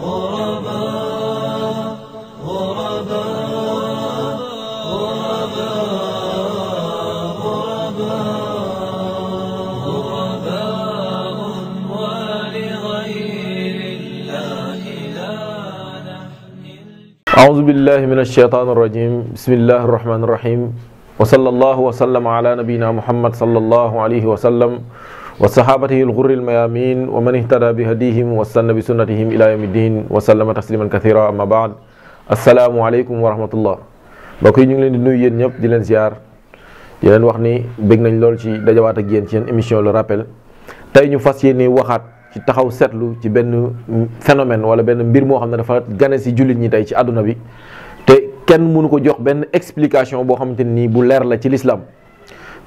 غرباء غرباء غرباء غرباء غرباء ولغير الله لا نحمل أعوذ بالله من الشيطان الرجيم بسم الله الرحمن الرحيم وصلى الله وسلم على نبينا محمد صلى الله عليه وسلم وصحابته الغر الميامين ومن اهتدى بهديهم واستنى بسنتهم إلى يوم الدين وسلم تسليما كثيرا أما بعد السلام عليكم ورحمة الله mbokk yi ñu ngi leen di nuyu yéen ñëpp di leen ziar di leen wax ni bég nañ lool ci dajawaat ak yéen ci seen émission le rappel tey ñu fas yéene waxaat ci taxaw seetlu ci benn phénomène wala benn mbir moo xam ne dafa gane si jullit ñi tey ci àdduna bi te kenn mënu ko jox benn explication boo xamante ni bu leer la ci lislaam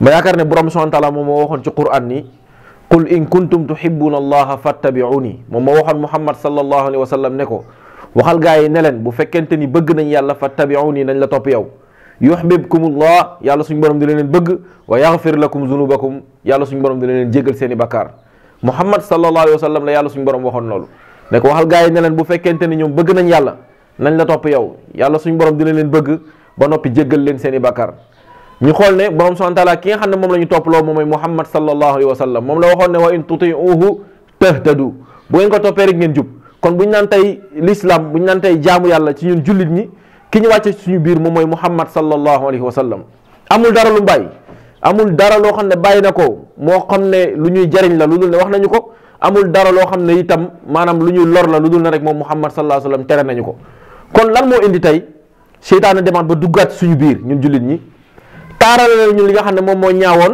ma yaakaar ne borom subhaanahu wa taala moom moo waxoon ni قل إن كنتم تحبون الله فاتبعوني مما وحن محمد صلى الله عليه وسلم نكو وخال غاي نلن بو فكنتني بغنا يالا فاتبعوني نن لا توب ياو الله يالا سن بروم دي بغ ويغفر لكم ذنوبكم يالا سن بروم دي جيغل سيني محمد صلى الله عليه وسلم لا يالا سن بروم وخون لول نك نلن بو فكنتني نيوم بغنا يالا نن لا توب ياو يالا سن بروم لين سيني بكار ñu xool ne borom subhanahu taala ki nga xam ne moom la ñu topploo moom mooy Muhammad sallallahu alayhi wa sallam moom la waxoon ne ko toppee rek ngeen jub kon bu ñu naan tey l'islam bu ñu naan tey jaamu yàlla ci ñun jullit ñi ki ñu wàcce suñu biir moom mooy Muhammad sallallahu alayhi wa sallam amul dara lu bàyyi amul dara loo xam ne bàyyi na ko moo xam ne lu ñuy jariñ la lu ne wax nañu ko amul dara loo xam ne itam maanaam lu ñuy lor la lu dul ne rek moom Muhammad sallallahu alayhi wa sallam tere nañu ko kon lan moo indi tey seytaane demaat ba duggaat suñu biir ñun jullit ñi taaralal ñu li nga xam ne moom moo ñaawoon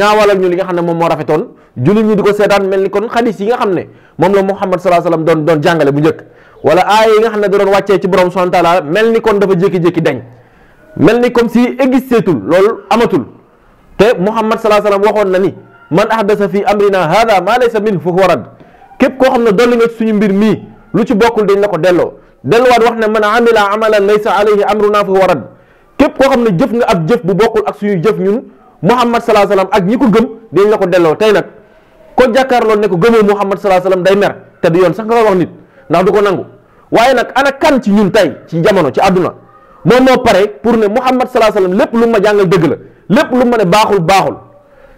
ñaawalal ñu li nga xam ne moom moo rafetoon jullit ñi di ko seetaan mel ni kon xadis yi nga xam ne moom la Muhammad salaa salaam doon doon jàngale bu njëkk wala aaya yi nga xam ne da doon wàccee ci borom subhanahu taala mel ni kon dafa jékki-jékki dañ mel ni comme si existeetul loolu amatul te Muhammad salaa salaam waxoon na ni man ahdasa fi amrina hada maa laysa minhu fa huwa rad képp koo xam ne dolli nga suñu mbir mii lu ci bokkul dañ la ko delloo delluwaat wax ne man amila amalan laysa alayhi amruna fa huwa rad képp ko xam ne jëf nga ab jëf bu bokul ak suñu jëf ñun Muhammad alaihi wasallam ak ñi ko gëm dañ la ko delo tay nak ko jakarlo ne ko Muhammad alaihi wasallam day mer te du yoon sax nga wax nit ndax du ko nangu waye nak ana kan ci ñun tay ci jamono ci aduna mo mo pare pour ne Muhammad alaihi wasallam lepp lu ma jangal deug la lepp lu ma ne baxul baxul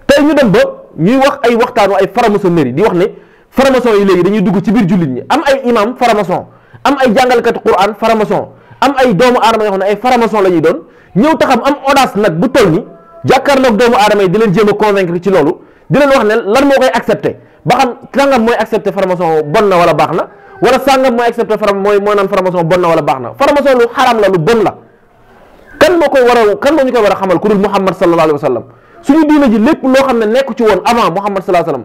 tay ñu dem ba ñi wax ay waxtaanu ay franc-maçonnerie di wax ne franc-maçon yi léegi dañuy dugg ci bir julit ñi am ay imam franc-maçon am ay kat Qur'an franc-maçon am ay doomu aadama yoo xam ne ay faramaçon la ñuy doon ñëw taxam am audace nag bu toll ni jàkkaarloog doomu aadama yi di leen jéem a convaincre ci loolu di leen wax ne lan moo koy accepté ba xam sàngam mooy accepté faramaçon bon na wala baax na wala sàngam mooy mooy mooy naan faramaçon bon na wala baax na faramaçon lu xaram la lu bon la kan moo koy war a kan moo ñu koy war a xamal ku dul Muhammad sallallahu alayhi wa sallam suñu diina ji lépp loo xam ne nekku ci woon avant Muhammad sallallahu alayhi wa sallam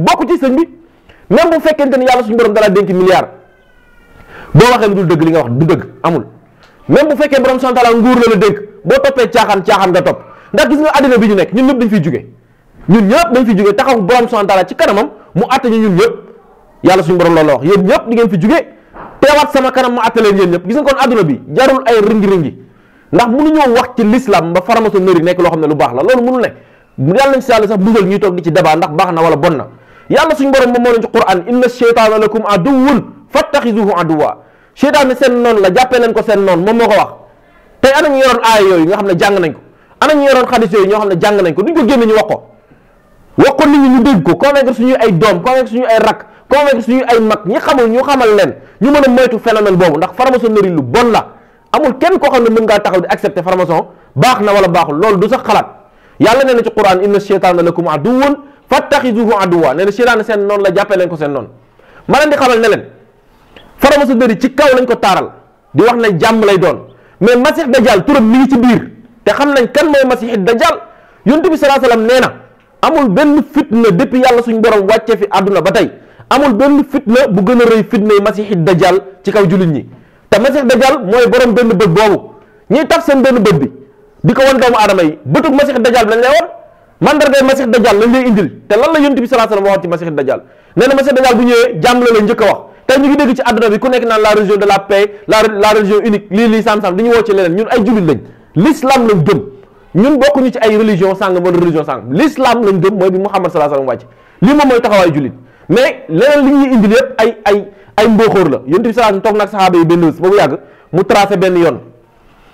ba ci même bu fekkente ni yalla suñu borom dara denk milliard bo waxe lu deug li nga wax du deug amul même bu fekkee borom santa la nguur la la dénk boo toppee tiaxan caaxaan nga top ndax gis nga àddina bi ñu nek ñun ñep dañ fi juggé ñun ñep dañ fi juggé taxaw borom santa la ci kanamam mu atté ñun ñep yalla suñu borom loolu la wax yeen ñep di ngeen fi juggé téwat sama kanam mu atté leen yéen ñep gis nga kon aduna bi jarul ay ringi-ringi ndax mënu ñoo wax ci l'islam ba faramaso nari nekk loo xam ne lu bax la loolu mënu nek yalla nañ si sax buggal ñuy tok di ci débat ndax baax na wala bon na yàlla suñ borom moom moo leen ci Qur'an inna sheytaana lakum aduwwun fattaxizuhu aduwwa sheytaan seen noon la jàppee leen ko seen noonu moom moo ko wax tey ana ñu yoroon aaya yooyu nga xam ne jàng nañ ko ana ñu yoroon xadis yooyu ñoo xam ne jàng nañ ko duñ ko génne ñu wax ko wax ko nit ñi ñu dégg ko convaincre suñuy ay doom convaincre suñuy ay rak convaincre suñuy ay mag ñi xamul ñu xamal leen ñu mën a moytu phénomène boobu ndax franc-maçonnerie lu bon la amul kenn koo xam ne mën ngaa taxaw di accepter franc-maçon baax loolu du sax xalaat yàlla nee na ci Qur'an inna sheytaana lakum aduwwun fattakhizuhu adwa nee na sen non la jappel len ko sen non ma leen di xamal ne len leen su dëri ci kaw lañ ko taral di wax ne jàmm lay doon mais masih dajal turam mi ngi ci bir te xam nañ kan moy masih dajal yonent bi salaa salaam neena amul benn fitna depuis yalla suñu borom wacce fi aduna batay amul benn fitna bu gëna reuy fitna masih masixi dajal ci kaw julit ñi te masih dajal moy borom benn bët bobu ñi taf sen benn bët bi diko won doomu adamay yi masih masix dajal lañ lay won mandargay masix dajjal lañ lay indil te lan la yonent bi sallallahu alayhi ci masix dajjal nee na masix bu ñëwee jàmm la la njëkk a wax tey ñu ngi dégg ci àdduna bi ku nekk naan la religion de la paix la la religion unique lii lii sam-sam dañu woo ci leneen ñun ay jullit lañ l'islam lañ gëm ñun bokkuñu ci ay religion sàngam wala religion sàngam l'islam lañ gëm mooy bi Muhammad sallallahu wàcc lii moom mooy taxawaayu jullit mais leneen li ñuy indil yépp ay ay benn yoon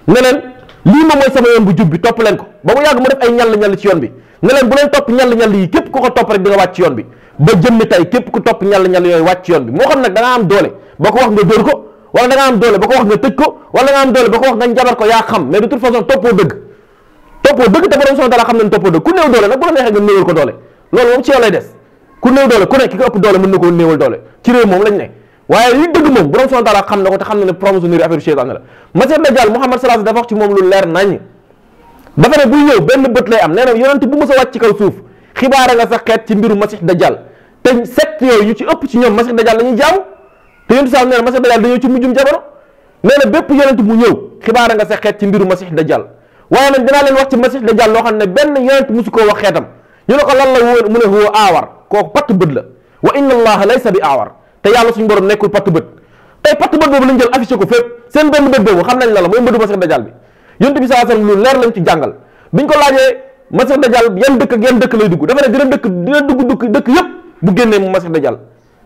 ne leen lii moom mooy bi topp leen ko ba mu yàgg mu def ay ñall bi ne bu leen topp ñall ñall yi képp ku ko topp rek di nga wàcc yoon bi ba jëmmi tey képp ku topp ñall ñall yooyu wàcc yoon bi moo xam nag da am doole ba ko wax nga dóor ko wala da nga am doole ba ko wax nga tëj ko wala da nga am doole ba ko wax nga njabar ko yaa xam mais doole nag bu la nga néewal ko doole loolu moom doole ku ko ëpp doole mën ko néewal doole ci réew moom lañ ne waaye li ko te xam ne promotionnaire affaire cheytaan la Masiix Dajjaal Muhammad sallallahu alayhi ba pare buy ñëw benn bët lay am nee na yonent bu mës a wàcc ci kaw suuf xibaara nga sax xeet ci mbiru masix dajjal te set yooyu ñu ci ëpp ci ñoom masix dajjal la ñuy jaamu te yonent sax nee na masix dajjal nga sax xeet ci mbiru masix dajjal waaye nag dinaa loo xam ne benn yonent musu koo wax xeetam ñu ne ko lan la woon mu ne huwa aawar kooku patt bët la wa inna allaha laysa bi aawar te yàlla suñu borom nekkul patt bët tey patt bët boobu lañ jël affiché ko seen benn bët boobu xam nañ la la mooy mbëdu masix dajjal bi yonent bi sallallahu alayhi wasallam lu leer lañ ci jàngal biñ ko laajee masix yan dëkk ak yan dëkk lay dugg dafa ne dina dëkk dina dugg dëkk dëkk yëpp bu génnee mu masix dajal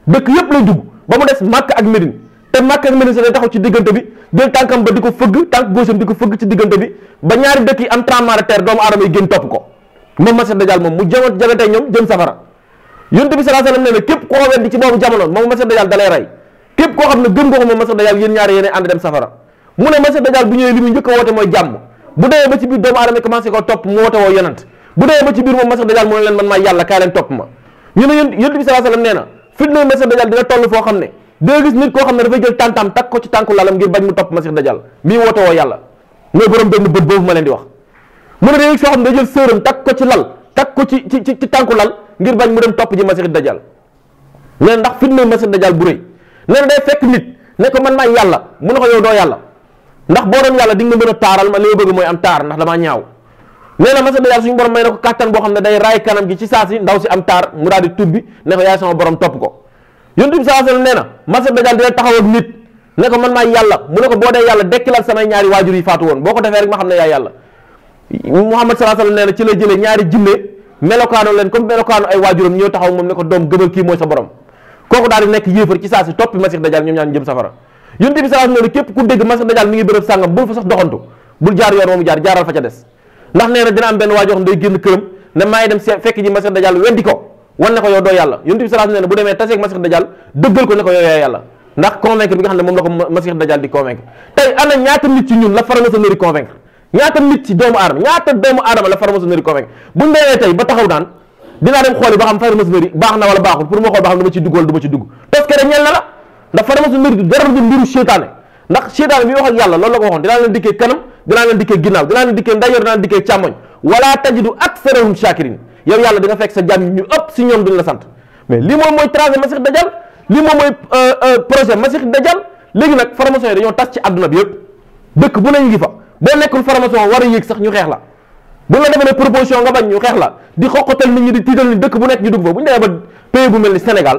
dëkk yëpp lay dugg ba mu des Màkka ak Médine te Màkka ak Médine sa day taxaw ci diggante bi jël tànkam ba di ko fëgg tànk góosam di ko fëgg ci diggante bi ba ñaari dëkk yi am tremblement de doomu aadama yi génn topp ko moom masix dajal moom mu jamat jagante ñoom jëm safara yonent bi sallallahu alayhi wasallam ne ne mu ne monsieur Dajjal bu ñëwee li muy njëkk a woote mooy jàmm bu demee ba ci biir doomu aadama commencé ko topp mu woote woo yonent bu demee ba ci biir moom monsieur Dajjal mu ne leen man maa yàlla kaay leen topp ma ñu ne yonent yonent bi sallallahu ngir bañ mu topp monsieur Dajjal ma leen di wax mu ne na ndax fitna monsieur Dajjal bu rëy nee na day fekk nit ne ko man maay yàlla mu ne ko yow doo yàlla ndax boo doon yàlla di nga mën a taaral ma li ma bëgg mooy am taar ndax damaa ñaaw nee na masa daal suñu borom may na ko kàttan boo xam ne day raay kanam gi ci saa si ndaw si am taar mu daal tubbi ne ko yaay sama borom topp ko yonent bi saa sallam ne ko yàlla mu ne ko boo dee yàlla dekkilal samay ñaari waajur woon boo ko defee rek ma xam ne yaay yàlla saa sallam na ci la jëlee ñaari jinne melokaano leen comme melokaano ay waajuram ñëw taxaw moom ne ko doom gëmal kii mooy sa borom kooku daal di nekk yéefar ci saa si toppi masix yonent bi salaam ne képp ku dégg masa dajal mi ngi bërëb sàngam bul fa sax doxantu bul jaar yoon moomu jaar jaaral fa ca des ndax nee dina am benn waa joo génn këram ne maa ngi dem fekk ji masa dajal weddi ko wan ne ko yow doo yàlla yonent bi salaam ne bu demee taseeg masa dajal dëggal ko ne ko yow yaa yàlla ndax convaincre bi nga xam ne moom la ko masiix dajal di convaincre tey ana ñaata nit ci ñun la franc-maçonnerie ndax faramasu mbir bi dara du mbiru seytaane ndax seytaane bi wax ak yàlla loolu la ko waxoon dinaa leen dikkee kanam dinaa leen dikkee ginnaaw dinaa leen dikkee ndajoor dinaa leen dikkee càmmoñ wala tajidu aksarahum shakirin yow yàlla di fekk sa jàmm ñu ëpp si ñoom duñ la sant mais lii moom mooy tracé masix dajal lii moom mooy euh, euh, projet masix dajal léegi nag faramason yi dañoo tas ci àdduna bi yëpp dëkk bu nañu ngi fa boo nekkul a yéeg sax ñu xeex xeex la di xoqatal nit ñi di tiital ni dëkk bu nekk ñu dugg fa bu ñu demee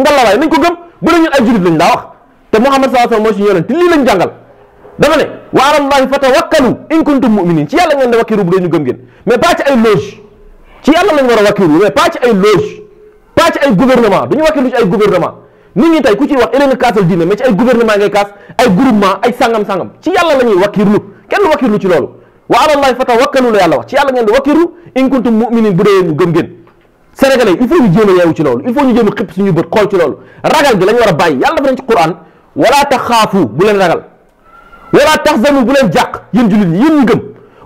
ngalawaay nañ ko gëm bu ñun ay julit lañ daa wax te Muhammad sallallahu alayhi wasallam mooy suñu yonent te lii lañ jàngal dafa ne wa alallahi fatawakkalu in kuntum mu'minin ci yàlla ngeen di a wakkiru mais pas ci ay loge pas ci ku ci ay gouvernement ngay kaas ay groupement ay sangam-sangam ci yàlla la ñuy wakkirlu kenn wakkirlu ci ci yàlla ngeen di wakkiru in kuntum mu'minin bu dee ñu gëm gen sénégalais il faut ñu jéem yeewu ci loolu il faut ñu jéem a xëpp suñu bët xool ci loolu ragal gi lañ war a bàyyi yàlla dafa nañ ci bu leen ragal wala taxzanu bu leen jàq yéen jullit ñi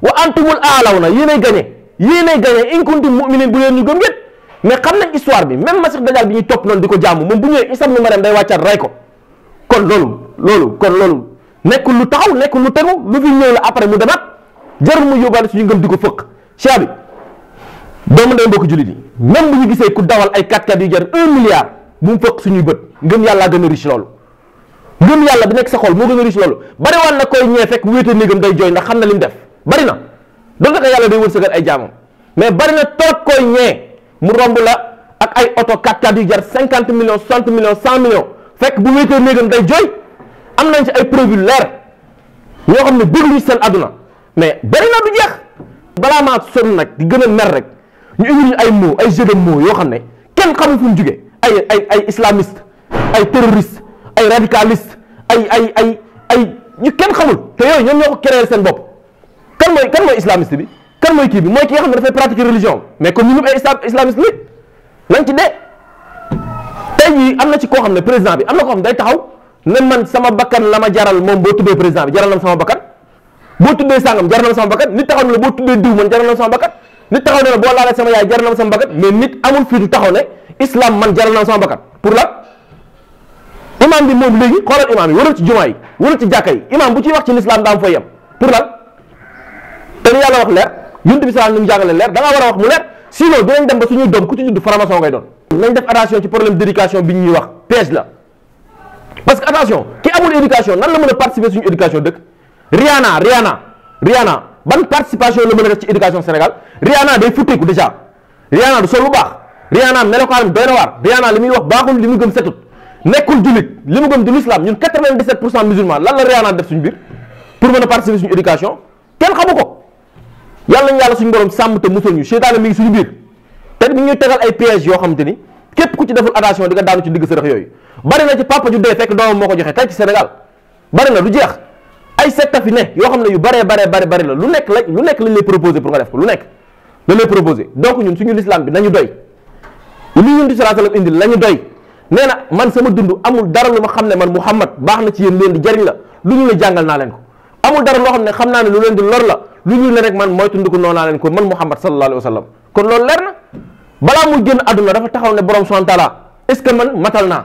wa antumul aalawna yéen ay gañe yéen ay gañe in kuntum mu'minin bu leen ñu gëm yéen mais xam nañ bi même masix dajal bi ñuy topp noonu di ko jaamu moom bu ñëwee isam nu mariam day wàccaat rey ko kon loolu loolu kon loolu nekkul lu taxaw nekkul lu tegu lu fi ñëw la après mu demaat jarul mu yóbbaale suñu ngëm di ko fëkk doom ndey mbok julit ni même buñu gisé ku dawal ay 4 4 di jar 1 milliard mu fokk suñu bët ngeum yalla gëna riche lool ngeum yalla bi nek sa xol mo gëna riche lool bari wal na koy ñee fekk wéete néegam day joy ndax xam na lim def bari na doon naka yalla day wërsegal ay jaamam mais bari na toog koy ñee mu romb la ak ay auto 4 4 di jar 50 millions 60 millions 100 millions fek bu wété néegam day joy am nañ ci ay preuve leer ñoo xam ne bëgg ñu seen aduna mais bari na du jeex bala ma sonn nak di gëna mer rek ñu indil ñu ay mots ay jeu de yoo xam ne kenn xamul fu mu jugee ay ay ay islamiste ay terroriste ay radicaliste ay ay ay ay ñu kenn xamul te yooyu ñoom ñoo seen bopp kan mooy kan bi kan mooy kii bi mooy ki nga xam ne dafay pratiquer religion mais comme ñu ñëpp ay islam islamiste ci dee tey am na ci koo xam ne président bi am na koo xam ne day taxaw ne man sama bakkan la ma jaral moom boo tuddee président bi jaral na sama bakkan boo tuddee sàngam jaral na sama bakkan nit taxaw ne boo tuddee diw man jaral na sama bakkan nit taxaw ne la boo laalee sama yaay jaral na ma sama bakkat mais nit amul fiitu taxaw ne islam man jaral na ma sama bakkat pour la imam bi moom léegi xoolal imam yi warul ci jumaa yi warul ci jàkka yi imam bu ciy wax ci l'islam daa am fooy yem pour lan te lu yàlla wax leer yunt bi salaam ni mu jàngale leer da ngaa war a wax mu leer sinon dinañ dem ba suñuy doom ku ci judd franc-maçon ngay doon nañ def attention ci problème d'éducation bi ñuy wax que attention ki amul éducation nan la a participer suñu éducation dëkk Rihanna Rihanna ban participation la mën a def ci éducation Sénégal Rihanna day futteeku déjà Rihanna du sol lu baax Rihanna melokaanam doy na waar Rihanna li muy wax baaxul li mu gëm setut nekkul jullit li mu gëm du l'islam ñun 97 pour cent musulman lan la Rihanna def suñu biir pour mën a participer suñu éducation kenn xamu ko yàlla ñu yàlla suñu borom sàmm te musal ñu seytaane mi suñu biir te mi ñuy tegal ay pièges yoo xamante ni képp ku ci deful attention di nga daanu jeex ay secta fi ne yoo xam ne yu baree baree bari bari la lu nekk la lu nekk lañ lay proposé pour nga def ko lu nekk lañ lay proposé donc ñun suñu lislaam bi nañu doy na man sama dund amul dara lu ma xam ne man Muhammad baax na ci yéen leen di jariñ la lu ñu la jàngal naa leen ko amul dara loo xam ne xam naa ne lu leen di lor la lu ñu la rek man mooy tundu ko noonu naa leen ko man Muhammad sallallahu alayhi wasallam kon loolu leer na ne borom subhanahu wa taala est-ce que man matal naa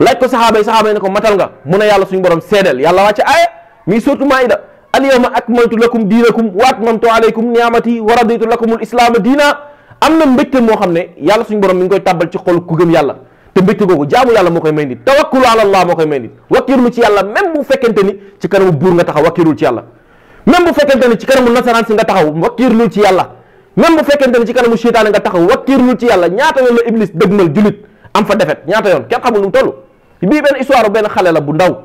laaj ko saxaaba yi ne ko matal nga mu ne yàlla suñu borom seedeel yàlla wàcce aaya mi surtout maida al yawma akmaltu lakum dinakum wa atmamtu alaykum ni'amati wa raditu lakum al islam dina An mbecte mo xamne yalla suñu borom mi ngoy tabal ci xol ku gem yalla te mbecte googu jaamu yalla mo koy mayndi nit ala allah mo koy mayndi wakirmu ci yalla meme bu fekente ni ci kanamu bur nga taxaw wakirul ci yalla meme bu fekente ni ci kanamu nasaran ci nga taxaw wakkirlul ci yalla meme bu fekente ni ci shaytan nga taxaw ci yalla ñaata yoon la iblis dëgmal julit am fa defet ñaata yoon kene xamul lu tollu bi ben histoire ben xale la bu ndaw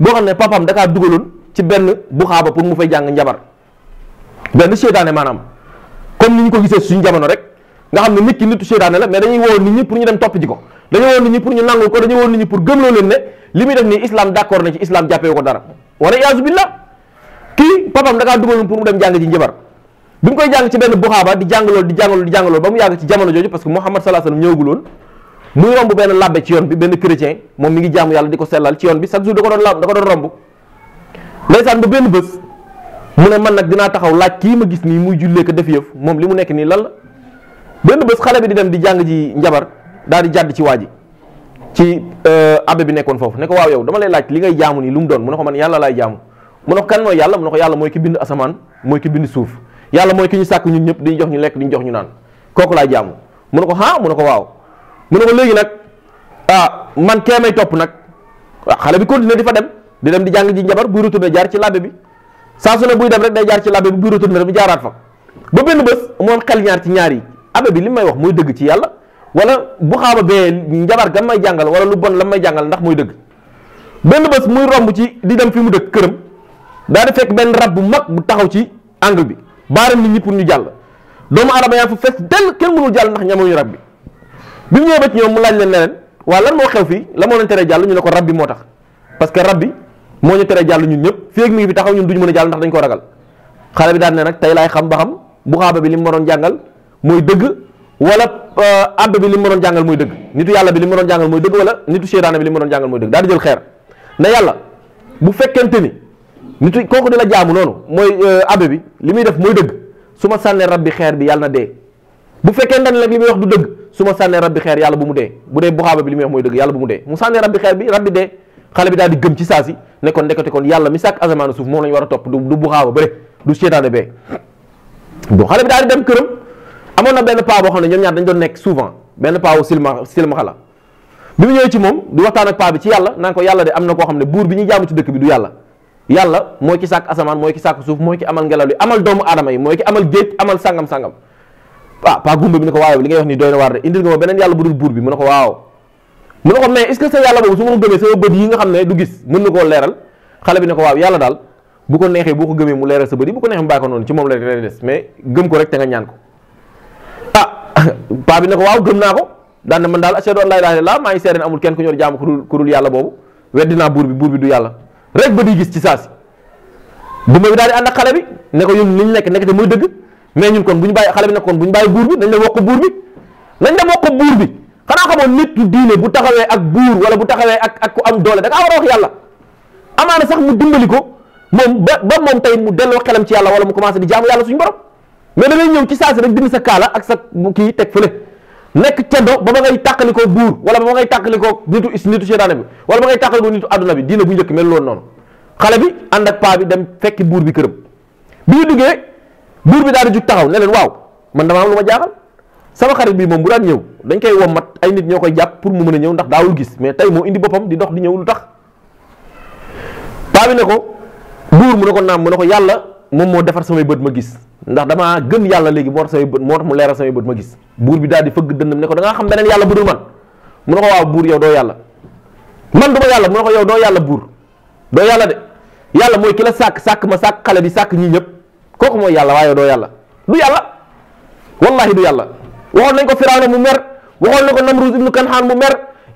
boo xam ne papaam da kaa dugaloon ci benn bu xaaba pour mu fay jàng njabar benn seytaane maanaam comme ni ñu ko gisee suñu jamono rek nga xam ne nit ki nitu seytaane la mais dañuy woo nit ñi pour ñu dem topp ji ko dañuy woo nit ñi pour ñu nangul ko dañuy woo nit ñi pour gëmloo leen ne li muy def nii islam d'accord na ci islam jàppee ko dara wala yaasu billah kii papaam da kaa dugaloon pour mu dem jàng ci njabar bi mu koy jàng ci benn bu mu rombu ben labbe ci yoon bi ben chrétien mom mi ngi jamm yalla di selal ci yoon bi chaque jour da ko lab da ko doon romb ndeysaan ba benn bés mu ne man nak dina taxaw laaj ki ma gis ni muy julle ke def yef mom limu nek ni lal ben la xale bi di dem di jang ji njabar daal di jadd ci waji ci euh abbe bi nekkon fofu ne ko waw yow dama lay laaj li ngay jamm ni lum don mu ne ko man yalla lay jamm mu ne ko kan moy yalla mu ne ko yalla moy ki bind asaman moy ki bind suuf yalla moy ki ñu sàkk ñun ñep di jox ñu lek di jox ñu naan koku la jamm mu ne ko ha mu ne ko waw mu ne ko léegi nag ah man kee may topp nag waaw ah, xale bi continué di fa dem di dem di jàng ji njabar buy retourné jaar ci labbe bi saa su ne buy dem rek day jaar ci labbe bi buy retourné rek jaaraat fa ba benn bés moom xel ñaar ci ñaar yi abbé bi li may wax mooy dëgg ci yàlla wala bu xaaba bee njabar gam may jàngal wala lu bon la may jàngal ndax mooy dëgg benn bés muy romb ci di dem fi mu dëkk këram daa di fekk benn rab bu mag bu taxaw ci angle bi baaram nit ñi pour ñu jàll doomu aadama yaa fa fees dell kenn mënul jàll ndax ñamuñu rab bi bi mu ñëwee ba ci ñoom mu laaj leen ne leen waa lan moo xew fii la moo leen tere jàll ñu ne ko rab bi moo tax parce que rab bi moo ñu tere jàll ñun ñëpp fii ak mi ngi fi taxaw ñun duñu mën a jàll ndax dañ ko ragal xale bi daan ne nag tey laay xam ba xam bu xaaba bi li mu ma doon jàngal mooy dëgg wala abbe euh, bi li mu ma jàngal mooy dëgg nitu yàlla bi li ma doon jàngal mooy dëgg wala nitu seytaane bi li mu ma doon jàngal mooy xeer ne yàlla bu fekkente ni nitu kooku di la jaamu noonu mooy abbe euh, bi li muy def mooy dëgg su ma sànnee rab bi xeer bi yàlla na bu fekkente ni nag li muy wax du dëgg su ma sànnee rab xeer yàlla bu mu dee bu dee buxaaba bi li muy wax mooy dëgg yàlla bu mu dee mu sànnee rab xeer bi rab dee xale bi daal di gëm ci saa si ne kon ndekete kon yàlla mi sàkk asamaan suuf moom la a topp du du buxaaba bëre du seetaane bee bon na benn paa boo xam ne ñoom ñaar dañ doon nekk souvent benn paa wu silma silmaxa la bi mu ñëwee ci moom di waxtaan ak paa bi ci yàlla naan ko yàlla de am na koo xam ne buur bi ñuy jaamu ci dëkk bi du yàlla yàlla mooy ki sàkk asamaan mooy ki sàkk suuf mooy ci amal ngelaw li amal doomu aadama yi moo ki amal géej amal sangam sangam ah waaw li ngay wax ni doy na waar de indil nga ma beneen yàlla bu dul buur ne ko waaw mu ne ko mais est ko gëmee sama bët yi nga xam ne du ne ko waaw yàlla daal bu ko ko gëmee mu leeral sa ah, paa bi ne ko waaw gëm naa ko daan na man daal ashhadu an laa ilaaha illallaah maa ngi seede ne amul kenn ku ñor jaamu ku dul yàlla boobu weddi naa buur bi buur bi du yàlla rek bët yi gis ci saasi gumba bi daal di ànd ak xale bi ne ko yun liñ nekk nekk te dëgg mais ñun kon bu ñu bàyyi xale bi ne kon bu ñu bàyyi buur bi nañ dem wokk buur bi xanaa xamoon nit diine bu taxawee ak buur wala bu taxawee ak ak ku am doole da war a wax yàlla amaana sax mu dimbali ko moom ba ba moom tey mu delloo xelam ci yàlla wala mu commencé di jaamu yàlla suñu borom mais da ngay ñëw ci saasi rek dindi sa kaala ak sa kii teg fële nekk ceddo ba ba ngay tàqalikoo buur wala ba ba ngay tàqalikoo nitu is nitu seetaane bi wala ba ngay tàqalikoo nitu adduna bi diine bu njëkk mel xale bi ànd ak paa bi dem fekki buur bi këram bi buur bi daal juk taxaw ne len waw man dama am luma jaxal sama xarit bi mom bu daan ñew dañ koy womat ay nit ñokoy japp pour mu mëna ñew ndax daawul gis mais tay mo indi bopam di dox di ñew lu tax paa bi ne ko mu ne ko mu ne ko yàlla moom defar sama beut ma gis ndax dama gëm yalla legi moo sama beut mo tax mu leral sama beut ma gis bur bi daal di fëgg dëndam ne ko da nga xam benen yalla bu dul man mu ne ko waaw buur yow do yalla man duma yalla mu ne yow do yalla bur do yalla de yalla moy ki la sak sak ma sak xale bi sak ñi kooku mooy yàlla waaye doo yàlla du yàlla wallahi du yàlla waxoon nañ ko Firawna mu mer waxoon na ko Namrud ibnu Kanhaan mu mer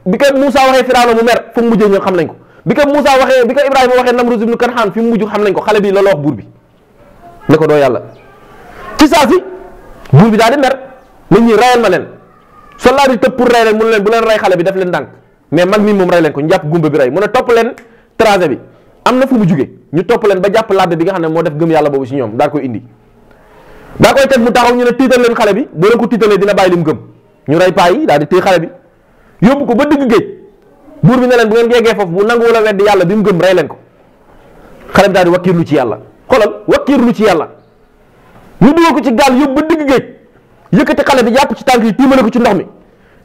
bi ko Moussa waxee Firawna mu mer fu mu mujjee ñoom xam nañ ko bi ko Moussa waxee bi ko Ibrahima waxee Namrud ibnu Kanhaan fi mu mujj xam nañ ko xale bi la wax buur bi ne ko doo yàlla ci saa si buur bi daal di mer nit ñi rayal ma leen soldat yi tëb pour rey leen mu leen bu leen rey xale bi def leen ndànk mais mag mi moom ko ñu jàpp bi rey mu ne topp leen tracé bi am na fu mu jugee ñu topp leen ba jàpp labbe bi nga xam ne moo def gëm yàlla boobu ci ñoom daa koy indi daa koy teg mu taxaw ñu ne tiital leen xale bi boo leen ko tiitalee dina bàyyi li mu gëm ñu rey paa yi daal di téye xale bi yóbbu ko ba digg géej buur bi ne leen bu ngeen yeggee foofu bu nangu wala weddi yàlla bi mu gëm rey leen ko xale bi daal di lu ci yàlla xoolal wakkiirlu ci yàlla ñu dugal ko ci gaal yóbbu ba digg géej yëkkati xale bi jàpp ci tànk yi tiimale ko ci ndox mi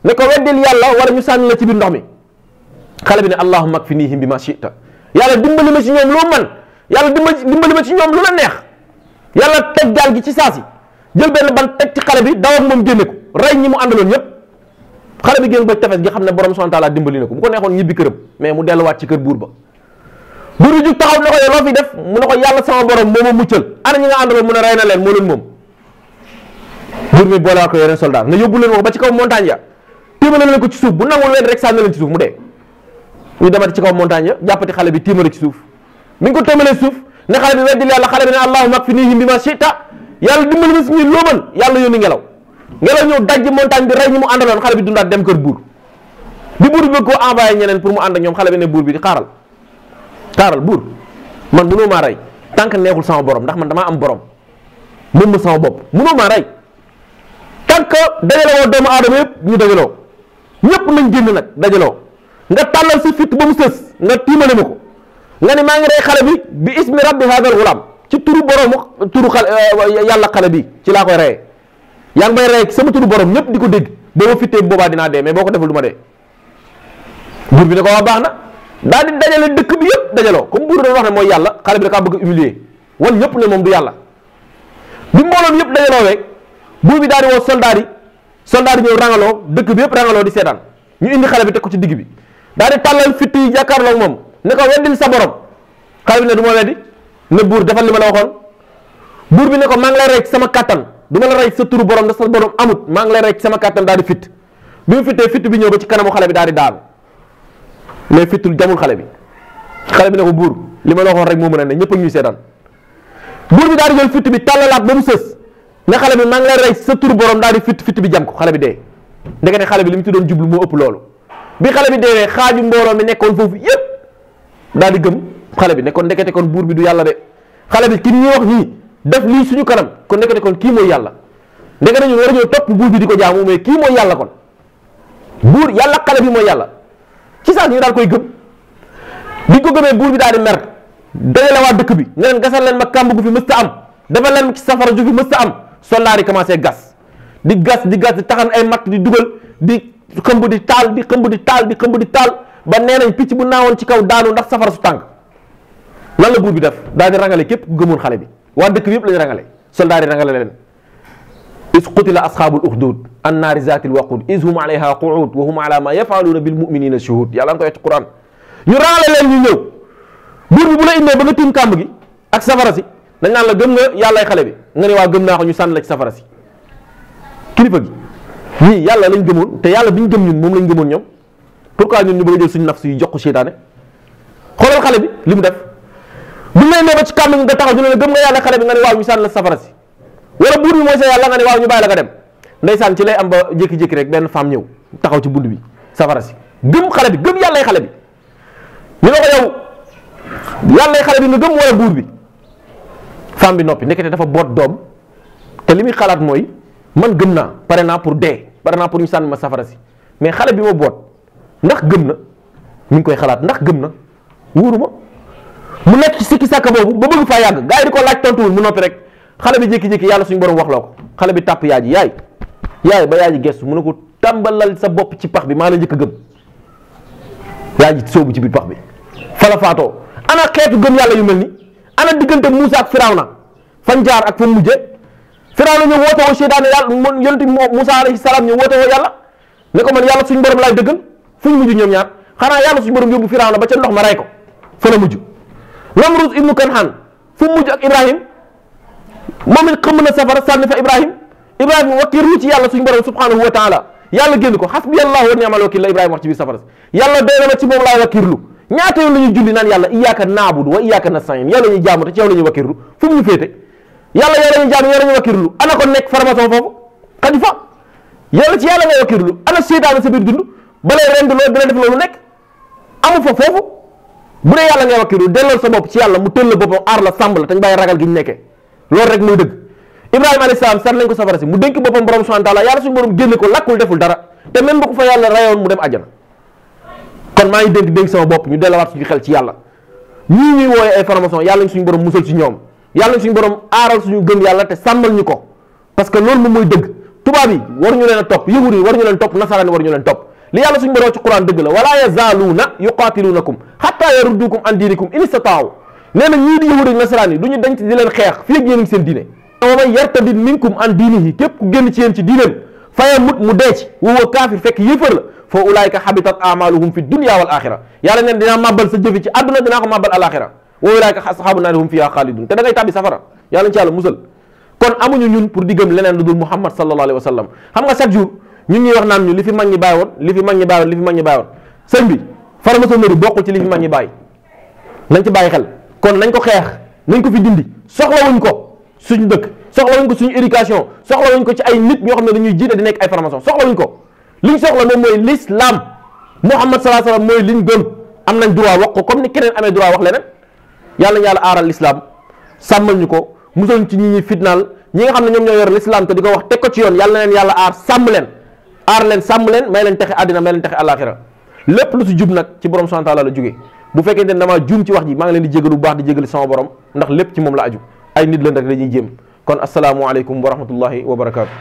ne ko weddil yàlla wala ñu sànni la ci biir ndox mi xale bi ne allahumma kfinihim bi ma shita yàlla dimbali ma ci ñoom loo man yàlla dimbali ma ci ñoom lu la neex yàlla teg gaal gi ci saasi jël benn ban teg ci xale bi daw ak moom génne ko rey ñi mu àndaloon ñëpp xale bi génn ba tefes gi xam ne borom subhaanahu dimbali na ko bu ko neexoon ñibbi këram mais mu delluwaat ci kër buur ba buur bi jug taxaw ne ko yow loo fi def mu ne ko yàlla sama borom moo ma muccal ana ñi nga àndaloon mu ne rey na leen moo leen moom buur bi boolewaat ko yeneen soldat ne yóbbu leen ko ba ci kaw montagne ya ko ñu demati ci kaw montagne jappati xalé bi tiimale ci suuf mi ngi ko tomelé suuf ne xalé bi weddi yalla xalé bi na allahuma ak bima shi'ta yalla dimbali ma suñuy ngelaw ngelaw ñëw dajj montagne bi ray ñu mu andalon xalé bi dundat dem kër bur bi bur bi ko envoyer ñeneen pour mu and ak ñoom bi ne bur bi di xaaral xaaral bur man mënoo maa ray tank neexul sama borom ndax man dama am borom moom ma sama bop mënoo maa ray tank que doomu adam yëpp ñu dajaloo ñepp nañ génn nak dajaloo nga talal si fit ba mu sës nga timale mako nga ni maa ngi xale bi bi ismi rabbi haadal gulaam ci turu borom turu xale euh, yalla xale bi ci la koy ray yaa ngi ray sama turu borom ñep di deg bo boo fité boba dina dé mais boko deful duma dé bur bi ne ko baxna dal di dajale dekk bi yëpp dajalo comme bur do wax ne moy yalla xale bi da ka bëgg humilier wal ñëpp ne mom du yalla bi mbolom yëpp dajalo bi dal di wo soldat yi soldat yi rangalo dekk bi rangalo di sétan ñu indi xale bi teg ko ci digg bi dari talal fiti jakar lo mom ne ko weddil sa borom xale ne duma weddi ne bur defal lima la waxon bur bi ne ko mang lay rek sama katan duma la rek sa turu borom da sa borom amut mang lay rek sama katan dari fit, bi mu fité fitt bi ñew ba ci kanamu xalé bi dari daal ne fitul jamul xalé bi xalé bi ne ko bur lima la waxon rek mo meuna ne ñepp ñuy sétan bur bi dari jël bi talalat ba mu seuss ne xalé bi mang lay rek sa turu borom dari fit bi jam ko xalé bi de ndegene xalé bi limu tudon jublu mo upp bi xale bi deewee xaaju mbooloo mi nekkoon foofu yëpp daal di gëm xale bi ne kon ndekete kon buur bi du yàlla de xale bi ki ñuy wax nii def lii suñu kanam kon ndekete kon kii mooy yàlla ndekete ñu war a ñoo topp buur bi di ko jaamu mais kii mooy yàlla kon buur yàlla xale bi mooy yàlla ci saa ñu daal koy gëm biñ ko gëmee buur bi daal di mer dajale waa dëkk bi ne leen gasal leen ma kàmb gu fi mës ta am dafa leen ci safara ju fi mës ta am soldaar yi commencé gas di gas di gas taxan ay matt di dugal di. xëmb di taal di xëmb di taal di xëmb di taal ba nee nañ picc bu naawoon ci kaw daanu ndax safara su tàng lan la buur bi def daal di rangale képp ku xale bi waa dëkk bi yëpp lañ rangale soldaar yi rangale leen is qutila asxaabul uxduud an naari zaatil waqud is hum alayha quud wa hum ala ma yafaluuna bil muminina shuhud yàlla nga koy wax ci quran ñu rangale leen ñu ñëw buur bi bu la indee ba nga tiim kàmb gi ak safara si dañ naan la gëm nga yàllay xale bi nga ne waa naa ko ñu sànni la safara si kilifa gi ñii yàlla lañ gëmoon te yàlla bi ñu gëm ñun moom lañ gëmoon ñoom pourquoi ñun ñu bëgg a jël suñu nafs yi jox ko xoolal xale bi li mu def bu ñu nee ba ci kàmm nga taxaw ñu ne la yàlla xale bi nga ne waaw ñu sànni la safara si wala buur bi mooy sa yàlla nga ne waaw ñu bàyyi la nga dem ndeysaan ci lay am ba jékki-jékki rek benn femme ñëw taxaw ci bunt bi safara si gëm xale bi gëm yàllay xale bi ñu ne ko yow yàllay xale bi nga gëm wala buur bi femme bi noppi ndekete dafa boot doom te li muy xalaat mooy man gëm naa pare naa pour dee bari naa pour ñu sànni ma safara si mais xale bi ma boot ndax gëm na mi ngi koy xalaat ndax gëm na wóoru ma mu nekk ci sikki sàkka boobu ba bëgg faa yàgg gars di ko laaj tontuwul mu noppi rek xale bi jékki-jékki yàlla suñu borom waxloo ko xale bi tàpp yaay ji yaay yaay ba yaay ji gestu mu ne ko tàmbalal sa bopp ci pax bi maa la njëkk gëm yaay ji sóobu ci bi pax bi fala faatoo ana xeetu gëm yàlla yu mel ni ana diggante Moussa ak Firawna fan jaar ak fa mujje Firawna ñu woote woo seytaane yàlla man yonent bi Moussa alayhi salaam ñu woote woo yàlla ne ko man yàlla suñu borom laay dëggal fu mujj ñoom ñaar xanaa yàlla suñu borom yóbbu Firawna ba ca ndox ma rey ko fa ibnu Kanhan fu mujj Ibrahim moom it xëmm na safara sànni fa Ibrahim Ibrahima wakkiirlu ci yàlla suñu borom subhanahu wa taala yàlla génn ko xasbiyallahu wa ni'mal wakiil la Ibrahima wax ci ñaata yoon la julli naan yàlla iyyaka naabudu yàlla yoo la ñu jaam yoo la ñu wakkirlu ana ko nekk farmason foofu xaju fa yàlla ci yàlla nga wakkirlu ana seytaane sa biir dund balay rend loolu dina def loolu nekk amu fa foofu bu dee yàlla ngay wakkirlu delloo sa bopp ci yàlla mu tëll boppam aar la sàmb la te ñu bàyyi ragal gi ñu nekkee loolu rek mooy dëgg ibrahima alayhi salaam sat lañ ko safara si mu dénk boppam borom subhanahu taala yàlla suñu borom génne ko lakkul deful dara te même bu ko fa yàlla rayoon mu dem àjjana kon maa ngi dénk dénk sama bopp ñu delluwaat suñu xel ci yàlla ñii ñuy wooye ay farmason yàlla ñu suñu borom musal ci ñoom yàlla suñu borom aaral suñu gëm yàlla te sàmmal ñu ko parce que loolu moom mooy dëgg tubaab yi war ñu leen a topp yahud yi war ñu leen topp ñu leen topp li yàlla suñu borom ci quran dëgg la wala yazaaluuna yuqaatiluunakum xatta yaruddukum an diinikum in istataaw nee na di yahud yi du ñu dañ ci di leen xeex fii ak yéen seen diine wa man yartadid minkum an diinihi képp ku génn ci yéen ci diineem faya mut mu dee ci wa huwa kaafir fekk yéefar la fa ulaayka habitat amaluhum fi dunya wal axira yàlla neen dinaa màbbal sa jëfi wa ulaa'ika asxaabu naari hum fiihaa xaalidun te da ngay tàbbi safara yàlla na ci musal kon amuñu ñun pour di gëm leneen lu dul Muhammad sallallahu alayhi wa sallam xam nga chaque jour ñun ñuy wax naan ñu li fi mag ñi bàyyi woon li fi mag ñi bàyyi woon li fi mag ñi bàyyi woon sëñ bi franc-maçonnerie bokkul ci li fi mag ñi nañ ci bàyyi xel kon nañ ko xeex nañ ko fi dindi soxlawuñ ko suñu dëkk soxlawuñ ko suñu éducation soxlawuñ ko ci ay nit ñoo xam ne dañuy jiite di nekk ay franc-maçon soxlawuñ ko liñ soxla moom mooy l'islam Muhammad sallallahu alayhi wa sallam mooy liñ gëm am nañ droit wax keneen amee droit wax leneen yàlla yàlla aaral lislaam sàmmal ñu ko musal ci ñi ñuy fitnaal ñi nga xam ne ñoom ñoo yor lislaam te di ko wax teg ko ci yoon yàlla neen yàlla aar sàmm leen aar leen sàmm leen may leen texe àddina may leen texe àllaaxira lépp lu si jub nag ci borom subhaana taala la jóge bu fekkee ne damaa juum ci wax ji maa ngi leen di jégalu bu baax di jégali sama borom ndax lépp ci moom la aju ay nit leen rek dañuy jéem kon asalaamualeykum wa rahmatullahi wa barakaatu